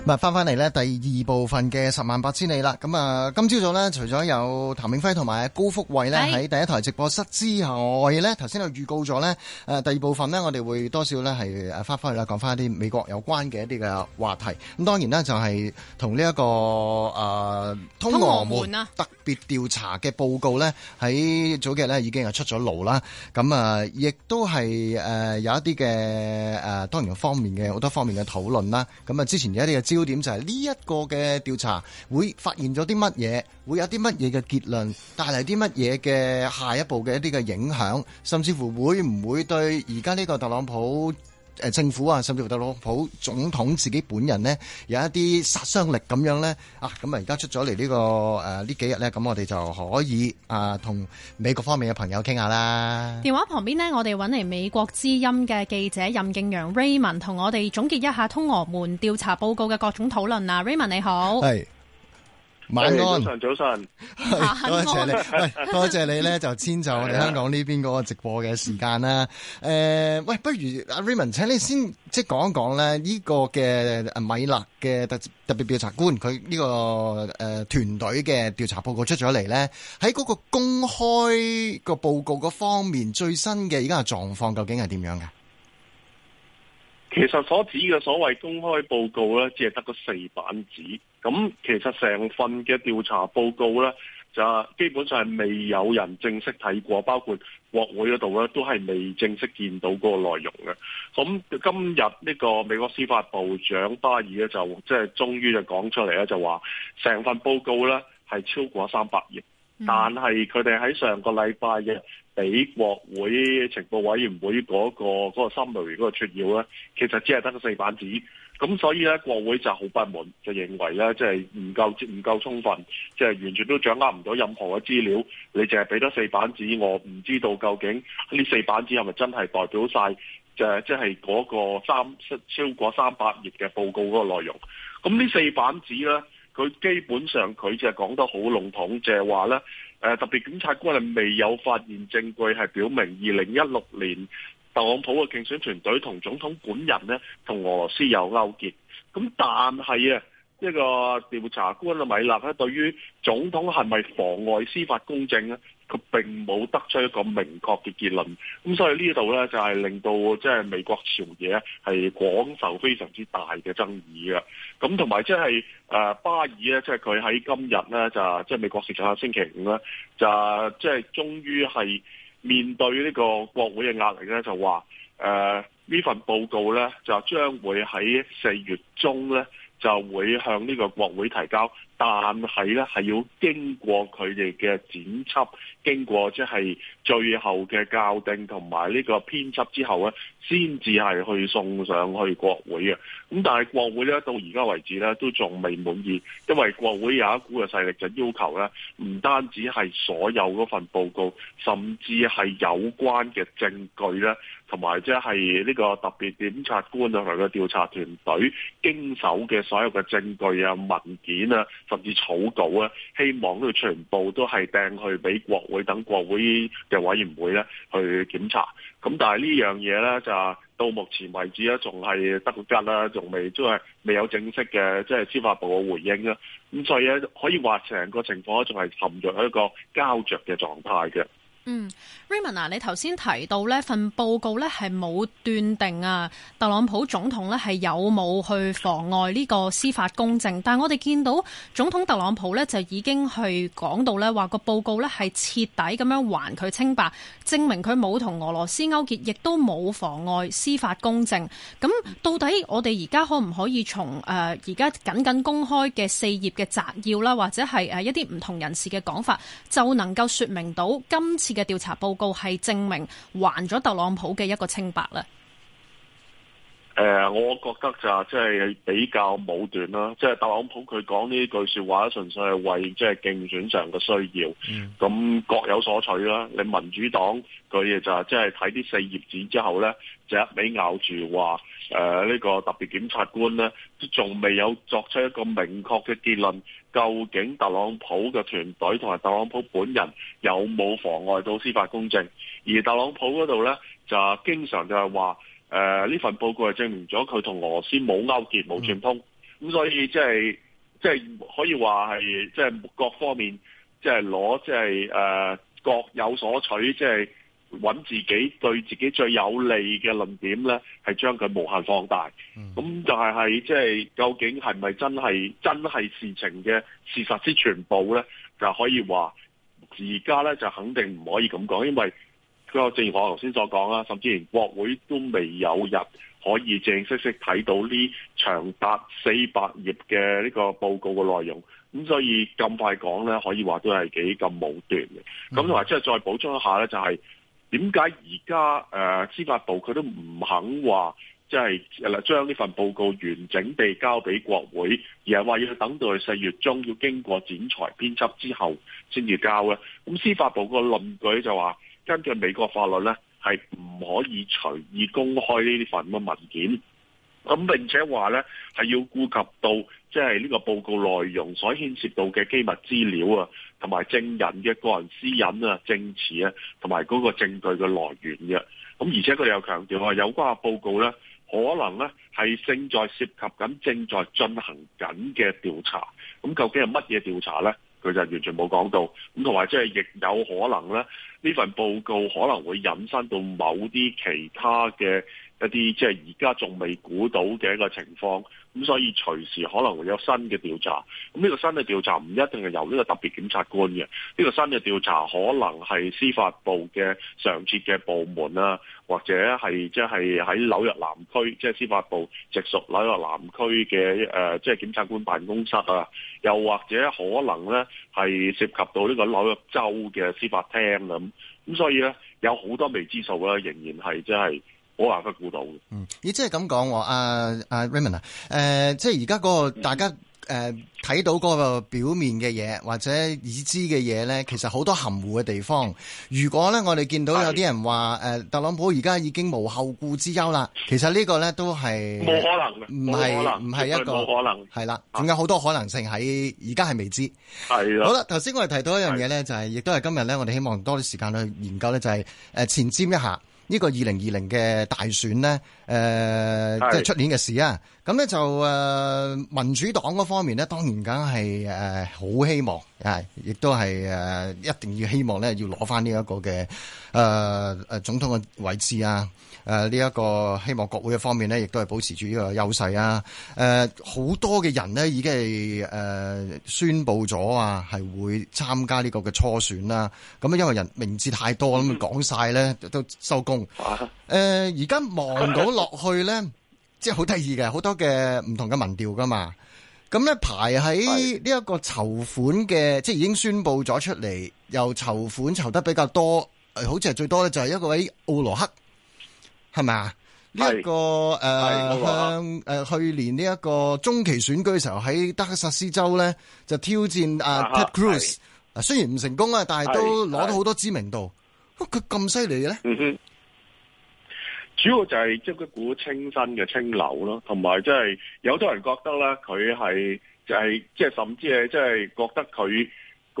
咁返翻翻嚟呢，第二部分嘅十萬八千里啦。咁啊，今朝早呢，除咗有譚詠輝同埋高福慧呢，喺第一台直播室之外呢，頭先又預告咗呢，誒第二部分呢，我哋會多少呢，係，返翻翻去啦，講翻一啲美國有關嘅一啲嘅話題。咁當然呢就係同呢一個誒、啊、通俄門，通俄門、啊、特別調查嘅報告呢，喺早幾日呢，已經係出咗爐啦。咁啊，亦都係誒有一啲嘅誒當然有方面嘅好多方面嘅討論啦。咁啊，之前有一啲嘅。焦點就係呢一個嘅調查會發現咗啲乜嘢，會有啲乜嘢嘅結論，帶嚟啲乜嘢嘅下一步嘅一啲嘅影響，甚至乎會唔會對而家呢個特朗普誒政府啊，甚至乎特朗普總統自己本人呢，有一啲殺傷力咁樣咧啊！咁啊，而家出咗嚟呢個誒呢幾日咧，咁我哋就可以啊，同美國方面嘅朋友傾下啦。電話旁邊呢，我哋搵嚟美國之音嘅記者任敬揚 Raymond 同我哋總結一下通俄門調查報告嘅各種討論啊，Raymond 你好。係。晚安，早晨，多謝你，多 謝你咧，就遷就我哋香港呢邊嗰個直播嘅時間啦。誒的、呃，喂，不如阿 Raymond，請你先即係講一講咧，呢個嘅米勒嘅特特別調查官，佢呢個誒團隊嘅調查報告出咗嚟咧，喺嗰個公開個報告個方面，最新嘅而家嘅狀況究竟係點樣嘅？其實所指嘅所謂公開報告呢，只係得個四版紙。咁其實成份嘅調查報告呢，就基本上係未有人正式睇過，包括國會嗰度呢，都係未正式見到嗰個內容嘅。咁今日呢個美國司法部長巴爾呢，就即係終於說來就講出嚟咧，就話成份報告呢係超過三百頁。嗯、但係佢哋喺上個禮拜嘅俾國會情報委員會嗰個嗰個心雷嗰個出要咧，其實只係得個四板紙，咁所以咧，國會就好不滿，就認為咧，即係唔夠唔夠充分，即係完全都掌握唔到任何嘅資料。你凈係俾多四板紙，我唔知道究竟呢四板紙係咪真係代表晒，就係即係嗰個三超過過三百頁嘅報告嗰個內容。咁呢四板紙咧。佢基本上佢就係講得好籠統，就係話咧，誒，特別檢察官係未有發現證據，係表明二零一六年特朗普嘅競選團隊同總統本人咧同俄羅斯有勾結，咁但係啊。呢個調查官啊，米勒咧對於總統係咪妨礙司法公正咧，佢並冇得出一個明確嘅結論。咁所以這裏呢度咧就係、是、令到即係美國朝野係廣受非常之大嘅爭議嘅。咁同埋即係誒巴爾咧，即係佢喺今日咧就即係、就是、美國時間星期五咧就即係終於係面對呢個國會嘅壓力咧，就話誒呢份報告咧就將會喺四月中咧。就會向呢個國會提交。但係咧，係要經過佢哋嘅剪輯，經過即係最後嘅校訂同埋呢個編輯之後咧，先至係去送上去國會嘅。咁但係國會咧，到而家為止咧，都仲未滿意，因為國會有一股嘅勢力就要求咧，唔單止係所有嗰份報告，甚至係有關嘅證據咧，同埋即係呢個特別檢察官啊，同埋個調查團隊經手嘅所有嘅證據啊、文件啊。甚至草稿咧，希望都全部都係掟去俾國會，等國會嘅委員會咧去檢查。咁但係呢樣嘢咧，就到目前為止咧，仲係得個吉啦，仲未都係、即係、未有正式嘅即係司法部嘅回應啦。咁所以咧，可以話成個情況咧，仲係陷入一個膠着嘅狀態嘅。嗯，Raymond 啊，你頭先提到呢份報告咧係冇斷定啊，特朗普總統咧係有冇去妨礙呢個司法公正？但係我哋見到總統特朗普咧就已經去講到咧話個報告咧係徹底咁樣還佢清白，證明佢冇同俄羅斯勾結，亦都冇妨礙司法公正。咁到底我哋而家可唔可以從誒而家僅僅公開嘅四頁嘅摘要啦，或者係誒一啲唔同人士嘅講法，就能夠說明到今次？嘅調查報告係證明還咗特朗普嘅一個清白啦。誒、呃，我覺得就係即係比較武斷啦，即、就、係、是、特朗普佢講呢句説話，純粹係為即係競選上嘅需要，咁、嗯、各有所取啦。你民主黨佢亦就係即係睇啲四頁紙之後呢，就一味咬住話誒呢個特別檢察官呢，都仲未有作出一個明確嘅結論，究竟特朗普嘅團隊同埋特朗普本人有冇妨礙到司法公正？而特朗普嗰度呢，就經常就係話。誒，呢、呃、份報告係證明咗佢同俄羅斯冇勾結、冇串、嗯、通，咁所以即係即係可以話係即係各方面即係攞即係誒各有所取，即係揾自己對自己最有利嘅論點咧，係將佢無限放大。咁、嗯、就係係即係究竟係咪真係真係事情嘅事實之全部咧？就可以話而家咧就肯定唔可以咁講，因為。個正如我頭先所講啦，甚至連國會都未有入，可以正正式式睇到呢長達四百頁嘅呢個報告嘅內容。咁所以咁快講呢，可以話都係幾咁武斷嘅。咁同埋即係再補充一下呢、就是，就係點解而家誒司法部佢都唔肯話，即係將將呢份報告完整地交俾國會，而係話要去等待四月中要經過剪裁編輯之後先至交呢？咁司法部個論據就話。根據美國法律咧，係唔可以隨意公開呢啲份嘅文件。咁並且話咧，係要顧及到即係呢個報告內容所牽涉到嘅機密資料啊，同埋證人嘅個人私隱啊、證詞啊，同埋嗰個證據嘅來源嘅啊。咁而且佢哋又強調話，有關嘅報告咧，可能咧係正在涉及緊、正在進行緊嘅調查。咁究竟係乜嘢調查咧？佢就完全冇講到，咁同埋即係亦有可能咧，呢份報告可能會引申到某啲其他嘅。一啲即係而家仲未估到嘅一個情況，咁所以隨時可能會有新嘅調查。咁呢個新嘅調查唔一定係由呢個特別檢察官嘅，呢、這個新嘅調查可能係司法部嘅常設嘅部門啦、啊，或者係即係喺紐約南區，即、就、係、是、司法部直屬紐約南區嘅誒即係檢察官辦公室啊，又或者可能咧係涉及到呢個紐約州嘅司法廳咁、啊。咁所以咧有好多未知數啦，仍然係即係。我話佢估到嗯，即係咁講喎，阿 Raymond 啊，啊啊 Ray 啊呃、即係而家嗰個大家誒睇、呃、到嗰個表面嘅嘢或者已知嘅嘢咧，其實好多含糊嘅地方。如果咧，我哋見到有啲人話是的 特朗普而家已經無後顧之憂啦，其實個呢個咧都係冇可能，唔係唔係一個可能，係啦，仲有好多可能性喺而家係未知。係啦是的。好啦，頭先我哋提到一樣嘢咧，是的 就係亦都係今日咧，我哋希望多啲時間去研究咧，就係、誒、前瞻一下。呢個二零二零嘅大選呢，誒、呃、是即係出年嘅事啊！咁呢，就、呃、誒民主黨嗰方面呢，當然梗係誒好希望，係亦都係誒一定要希望呢，要攞翻呢一個嘅誒誒總統嘅位置啊！誒，呢一、呃，這個希望國會嘅方面呢，亦都係保持住呢個優勢啊。誒、呃，好多嘅人呢，已經係誒、呃、宣佈咗啊，係會參加呢個嘅初選啦、啊。咁、嗯、因為人名字太多，咁講晒咧都收工。誒、啊，而家望到落去咧，即係好得意嘅，好多嘅唔同嘅民調噶嘛。咁咧排喺呢一個籌款嘅，的即係已經宣佈咗出嚟，又籌款籌得比較多，好似係最多咧就係一個位奧羅克。係咪啊？呢一是、這個誒，呃、向誒、呃、去年呢一個中期選舉嘅時候，喺德克薩斯州咧就挑戰阿 Ted Cruz。嗱，雖然唔成功啊，但係都攞到好多知名度。佢咁犀利嘅咧？嗯哼，主要就係即係佢股清新嘅清流咯，同埋即係有、就是、有多人覺得咧，佢係就係即係甚至係即係覺得佢。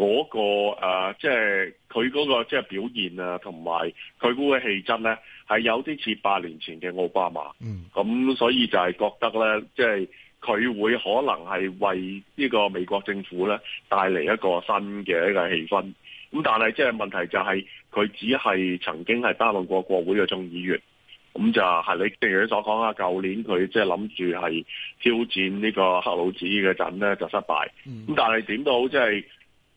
嗰、那個誒、呃，即係佢嗰個即係表現啊，同埋佢嗰個氣質呢，係有啲似八年前嘅奧巴馬。嗯，咁所以就係覺得呢，即係佢會可能係為呢個美國政府呢帶嚟一個新嘅一個氣氛。咁但係即係問題就係、是、佢只係曾經係擔任過國會嘅眾議員。咁就係你正如你所講啊，舊年佢即係諗住係挑戰呢個克魯茲嘅陣呢，就失敗。咁、嗯、但係點都好即係。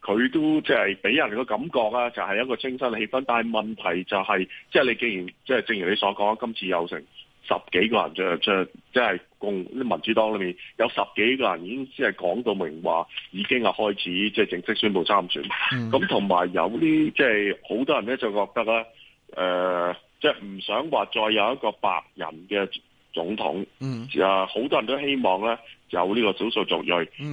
佢都即係俾人個感覺啊，就係一個清新氣氛。但係問題就係，即係你既然即係正如你所講，今次有成十幾個人就，即係即係共啲民主黨裏面有十幾個人已經先係講到明話，已經係開始即係正式宣佈參選。咁同埋有啲即係好多人咧就覺得咧，誒即係唔想話再有一個白人嘅總統。嗯，啊好多人都希望咧。有呢個少數族裔，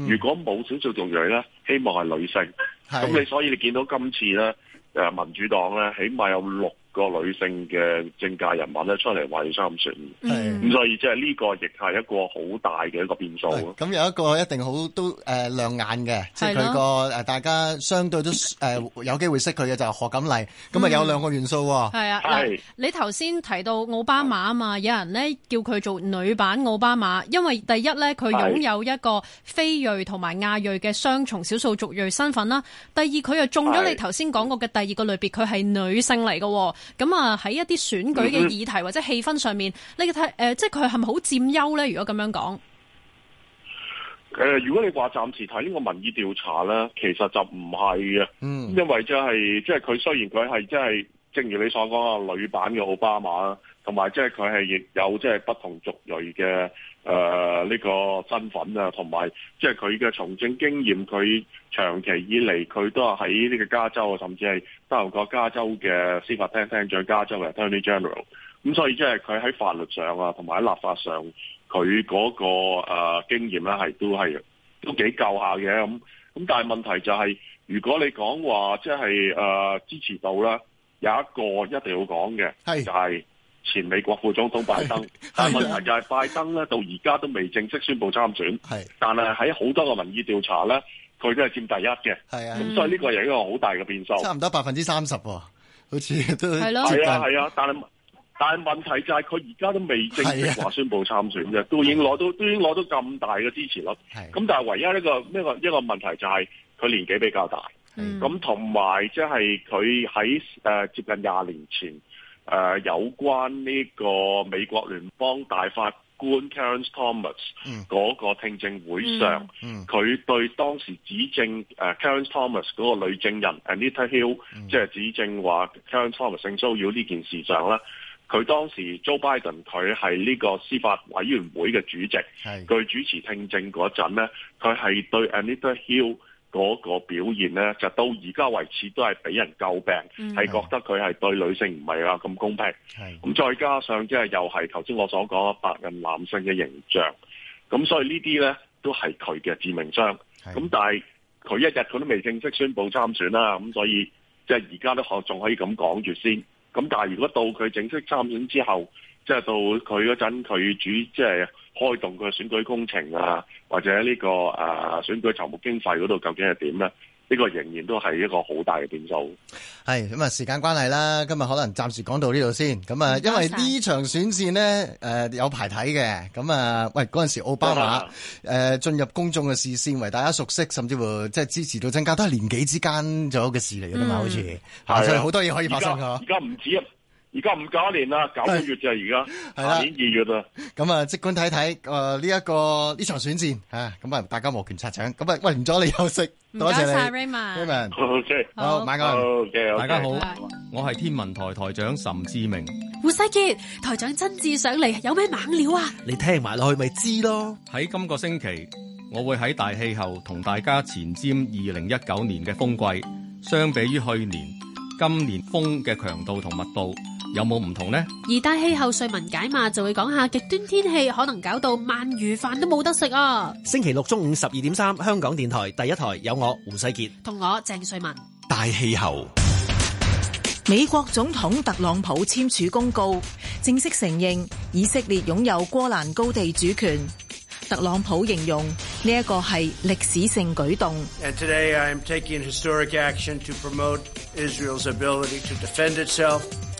如果冇少數族裔咧，希望係女性。咁的你所以你見到今次咧，誒民主黨咧，起碼有六。個女性嘅政界人物咧出嚟為參選，係咁的，所以即係呢個亦係一個好大嘅一個變數。咁有一個一定好都誒、呃、亮眼嘅，是的即係佢個誒大家相對都誒、呃、有機會識佢嘅就係、是、何錦麗。咁啊、嗯、有兩個元素喎，啊，係的你頭先提到奧巴馬啊嘛，的有人呢叫佢做女版奧巴馬，因為第一呢，佢擁有一個菲裔同埋亞裔嘅雙重少數族裔身份啦，第二佢又中咗你頭先講過嘅第二個類別，佢係女性嚟嘅。咁啊，喺一啲選舉嘅議題或者氣氛上面，嗯嗯、你睇、呃、即係佢係咪好佔優咧？如果咁樣講？呃，如果你話暫時睇呢個民意調查咧，其實就唔係嘅，嗯、因為、即係、即係即係佢雖然佢係即係正如你所講啊，女版嘅奧巴馬啦。同埋即係佢係亦有即係不同族裔嘅誒呢個身份啊，同埋即係佢嘅從政經驗，佢長期以嚟佢都係喺呢個加州啊，甚至係德國加州嘅司法廳廳長加州嘅 Attorney General。咁所以即係佢喺法律上啊，同埋喺立法上，佢嗰、那個誒、呃、經驗咧係都係都幾夠下嘅咁。咁但係問題就係、是，如果你講話即係誒支持度啦，有一個一定要講嘅，就係、是。前美國副總統拜登，但問題就係拜登咧到而家都未正式宣布參選，但係喺好多個民意調查咧，佢都係佔第一嘅，係啊，咁所以呢個係一個好大嘅變數，差唔多百分之三十喎，好似都係咯，係啊，但係但係問題就係佢而家都未正式話宣布參選啫，都已經攞到都已經攞到咁大嘅支持率，咁但係唯一一個呢個一個問題就係佢年紀比較大，咁同埋即係佢喺誒接近廿年前。誒、呃、有關呢個美國聯邦大法官 Clarence Thomas 嗰個聽證會上，佢、嗯嗯嗯、對當時指證 Clarence Thomas 嗰個女證人 Anita Hill，即係、嗯、指證話 Clarence Thomas 性騷擾呢件事上咧，佢當時 Joe Biden 佢係呢個司法委員會嘅主席，係佢是主持聽證嗰陣咧，佢係對 Anita Hill。嗰個表現咧，就到而家為止都係俾人詬病，係、嗯、覺得佢係對女性唔係話咁公平。咁的再加上即係又係頭先我所講白人男性嘅形象，咁所以呢啲咧都係佢嘅致命傷。咁的但係佢一日佢都未正式宣布參選啦，咁所以即係而家都可仲可以咁講住先。咁但係如果到佢正式參選之後，即係到佢嗰陣，佢主即係開動佢選舉工程啊，或者呢、這個誒、啊、選舉籌募經費嗰度究竟係點咧？呢、這個仍然都係一個好大嘅變數。係咁啊，時間關係啦，今日可能暫時講到呢度先。咁、嗯、啊，因為呢場選戰咧誒、呃、有排睇嘅。咁、嗯、啊，喂，嗰陣時奧巴馬誒、啊呃、進入公眾嘅視線，為大家熟悉，甚至乎即係支持度增加，都係年紀之間咗嘅事嚟嘅嘛，好似，嗯、所以好多嘢可以發生嘅。而家唔止而家五九一年啦，九個月就係而家，下年二月啦。咁啊，即管睇睇誒呢一個呢場選戰吓，咁啊大家摩拳擦掌。咁啊，喂唔阻你休息，多謝你。唔該晒 Raymond，Raymond，好，買個，大家好，我係天文台台長岑智明。胡世杰台長親自上嚟，有咩猛料啊？你聽埋落去咪知咯。喺今個星期，我會喺大氣候同大家前瞻二零一九年嘅風季。相比於去年，今年風嘅強度同密度。有冇唔同呢？而大氣候穗文解碼，就會講下極端天氣可能搞到鰻魚飯都冇得食啊！星期六中午十二點三，香港電台第一台有我胡世杰同我鄭穗文大氣候。美國總統特朗普簽署公告，正式承認以色列擁有戈蘭高地主權。特朗普形容呢一個係歷史性舉動。And today I am taking historic action to promote Israel's ability to defend itself.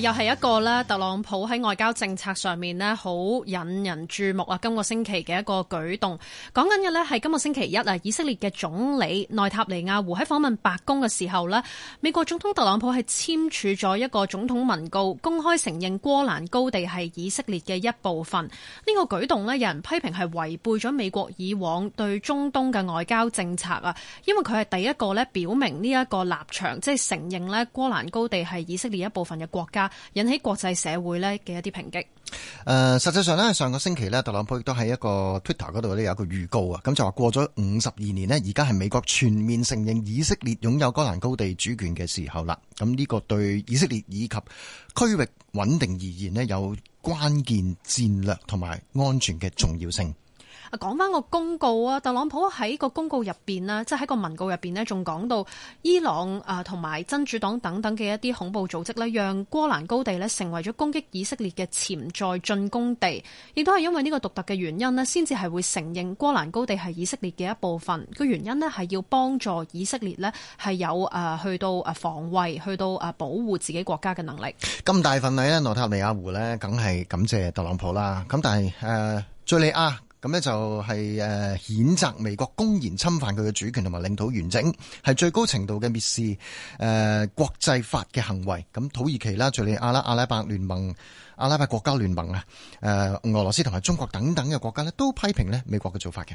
又係一個咧，特朗普喺外交政策上面咧，好引人注目啊！今個星期嘅一個舉動，講緊嘅咧係今個星期一啊，以色列嘅總理內塔尼亞胡喺訪問白宮嘅時候咧，美國總統特朗普係簽署咗一個總統文告，公開承認戈蘭高地係以色列嘅一部分。呢個舉動咧，有人批評係違背咗美國以往對中東嘅外交政策啊，因為佢係第一個咧表明呢一個立場，即係承認咧戈蘭高地係以色列一部分嘅國家。引起國際社會咧嘅一啲抨擊。誒、呃，實際上咧，上個星期咧，特朗普亦都喺一個 Twitter 嗰度咧有一個預告啊，咁就話過咗五十二年咧，而家係美國全面承認以色列擁有戈蘭高地主權嘅時候啦。咁呢個對以色列以及區域穩定而言咧，有關鍵戰略同埋安全嘅重要性。講翻個公告啊！特朗普喺個公告入面啊，即係喺個文告入面呢，仲講到伊朗啊同埋真主黨等等嘅一啲恐怖組織呢，讓戈蘭高地呢成為咗攻擊以色列嘅潛在進攻地。亦都係因為呢個獨特嘅原因呢，先至係會承認戈蘭高地係以色列嘅一部分。個原因呢，係要幫助以色列呢係有誒去到誒防衛去到誒保護自己國家嘅能力，咁大份禮呢，內塔尼亞胡呢，梗係感謝特朗普啦。咁但係誒敘利亞。咁呢就係誒譴責美國公然侵犯佢嘅主權同埋領土完整，係最高程度嘅蔑視誒、呃、國際法嘅行為。咁土耳其啦，敘利亞啦，阿拉阿拉伯聯盟。阿拉伯國家聯盟啊，誒俄羅斯同埋中國等等嘅國家都批評美國嘅做法嘅。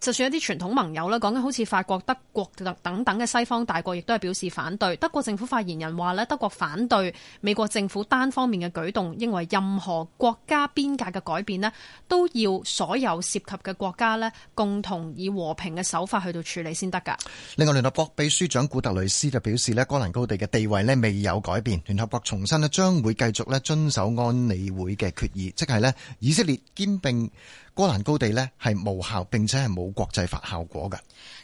就算一啲傳統盟友啦，講緊好似法國、德國等等嘅西方大國，亦都係表示反對。德國政府發言人話咧，德國反對美國政府單方面嘅舉動，認為任何國家邊界嘅改變都要所有涉及嘅國家共同以和平嘅手法去到處理先得㗎。另外，聯合國秘書長古特雷斯就表示咧，戈蘭高地嘅地位咧未有改變。聯合國重申咧，將會繼續咧遵守安理會嘅決議，即係咧，以色列兼併戈蘭高地咧，係無效，並且係冇國際法效果噶。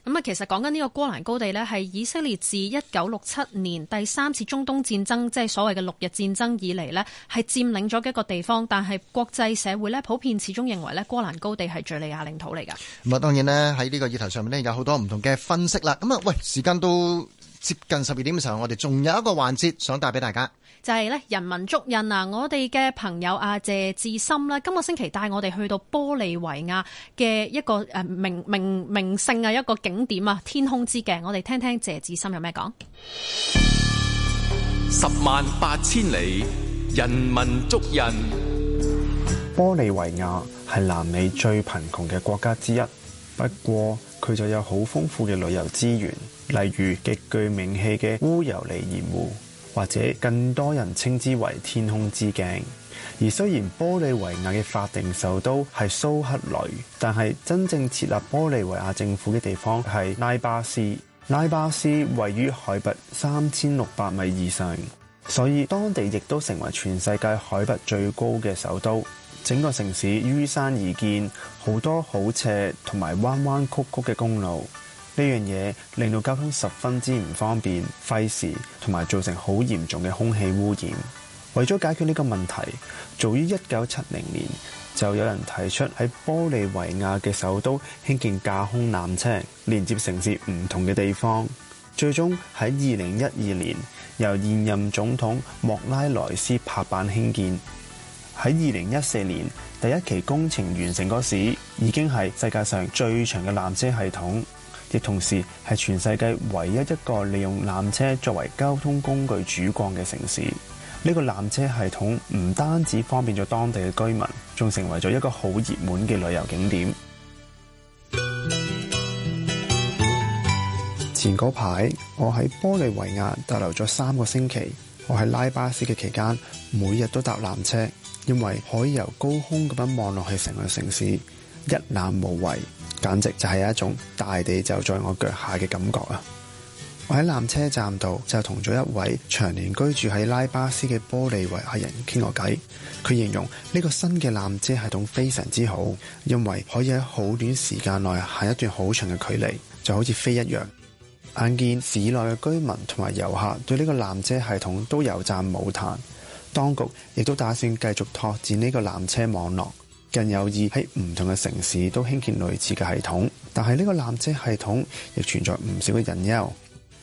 咁啊，其實講緊呢個戈蘭高地呢，係以色列自一九六七年第三次中東戰爭，即係所謂嘅六日戰爭以嚟呢，係佔領咗嘅一個地方，但係國際社會咧，普遍始終認為呢，戈蘭高地係叙利亞領土嚟噶。咁啊，當然呢，喺呢個議題上面呢，有好多唔同嘅分析啦。咁啊，喂，時間都～接近十二點嘅時候，我哋仲有一個環節想帶俾大家，就係咧，人文足印啊！我哋嘅朋友阿謝智森啦，今個星期帶我哋去到玻利維亞嘅一個誒名名名勝啊，一個景點啊，天空之鏡。我哋聽聽謝智森有咩講。十萬八千里，人文足印。玻利維亞係南美最貧窮嘅國家之一，不過佢就有好豐富嘅旅遊資源。例如極具名氣嘅烏尤尼鹽湖，或者更多人稱之為天空之鏡。而雖然玻利維亞嘅法定首都係蘇克雷，但係真正設立玻利維亞政府嘅地方係拉巴斯。拉巴斯位於海拔三千六百米以上，所以當地亦都成為全世界海拔最高嘅首都。整個城市依山而建，好多好斜同埋彎彎曲曲嘅公路。呢樣嘢令到交通十分之唔方便、費事，同埋造成好嚴重嘅空氣污染。為咗解決呢個問題，早於一九七零年就有人提出喺玻利維亞嘅首都興建架空纜車，連接城市唔同嘅地方。最終喺二零一二年由現任總統莫拉萊斯拍板興建。喺二零一四年第一期工程完成嗰時候，已經係世界上最長嘅纜車系統。亦同時係全世界唯一一個利用纜車作為交通工具主幹嘅城市。呢個纜車系統唔單止方便咗當地嘅居民，仲成為咗一個好熱門嘅旅遊景點。前嗰排我喺玻利維亞逗留咗三個星期，我喺拉巴斯嘅期間，每日都搭纜車，因為可以由高空咁樣望落去成個城市，一覽無遺。簡直就係一種大地就在我腳下嘅感覺啊！我喺纜車站度就同咗一位長年居住喺拉巴斯嘅玻利維亞人傾過偈，佢形容呢個新嘅纜車系統非常之好，因為可以喺好短時間內行一段好長嘅距離，就好似飛一樣。眼見市內嘅居民同埋遊客對呢個纜車系統都有讚冇彈，當局亦都打算繼續拓展呢個纜車網絡。更有意喺唔同嘅城市都興建類似嘅系統，但係呢個纜車系統亦存在唔少嘅隱憂。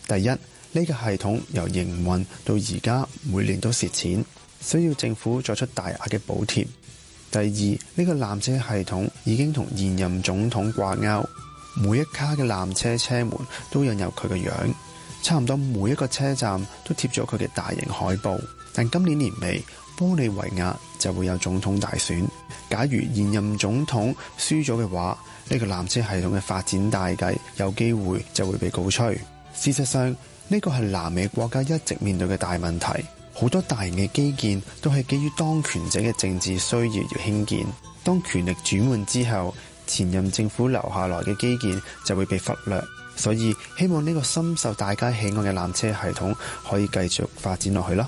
第一，呢個系統由營運到而家每年都蝕錢，需要政府作出大額嘅補貼。第二，呢個纜車系統已經同現任總統掛鈎，每一卡嘅纜車車門都印有佢嘅樣，差唔多每一個車站都貼咗佢嘅大型海報。但今年年尾，玻利維亞就會有總統大選。假如現任總統輸咗嘅話，呢個纜車系統嘅發展大計有機會就會被告吹。事實上，呢個係南美國家一直面對嘅大問題。好多大型嘅基建都係基於當權者嘅政治需要而興建。當權力轉換之後，前任政府留下來嘅基建就會被忽略。所以，希望呢個深受大家喜愛嘅纜車系統可以繼續發展落去啦。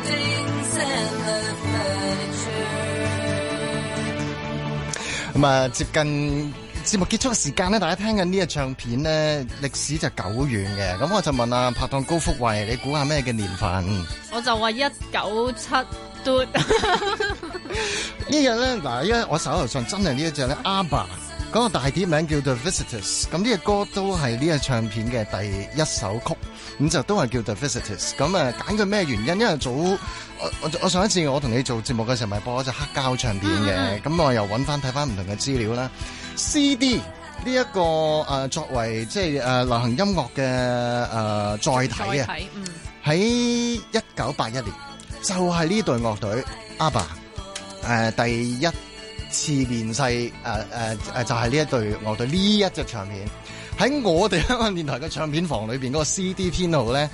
咁啊，接近節目結束嘅時間咧，大家聽緊呢個唱片咧，歷史就久遠嘅。咁我就問阿拍檔高福慧，你估下咩嘅年份？我就話一九七嘟。 呢」呢日咧嗱，因為我手頭上真係呢一隻咧阿伯。 嗰個大碟名叫 The Visitors，咁呢個歌都係呢個唱片嘅第一首曲，咁就都係叫 The Visitors。咁啊揀佢咩原因？因為早我我我上一次我同你做節目嘅時候，咪播咗隻黑膠唱片嘅，咁、嗯、我又揾翻睇翻唔同嘅資料啦。嗯、CD 呢、這、一個、呃、作為即係、呃、流行音樂嘅啊載體啊，喺一九八一年就係、是、呢隊樂隊 ABBA 誒第一次面世，誒誒誒就係、是、呢一隊樂隊呢一隻唱片，喺我哋香港電台嘅唱片房裏邊、嗰個 CD 編號咧，誒、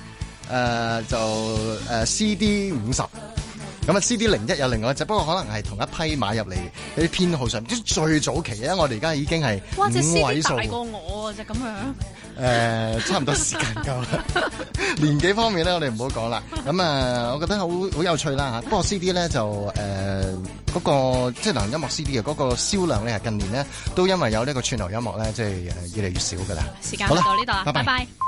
呃、就誒、呃、CD 五十，咁啊，CD 零一有另外一隻，不過可能係同一批買入嚟，喺編號上即最早期啊！我哋而家已經係五位數。哇，隻 CD 大過我啊，就咁樣。誒、呃，差唔多時間夠啦。 年紀方面咧，我哋唔好講啦。咁啊，我覺得好好有趣啦嚇。不過 CD 咧就誒嗰、呃那個即係流行音樂 CD 嘅嗰個銷量咧，係近年咧都因為有呢個串流音樂咧，即係越嚟越少噶啦。時間嚟到呢度啦，拜拜。拜拜。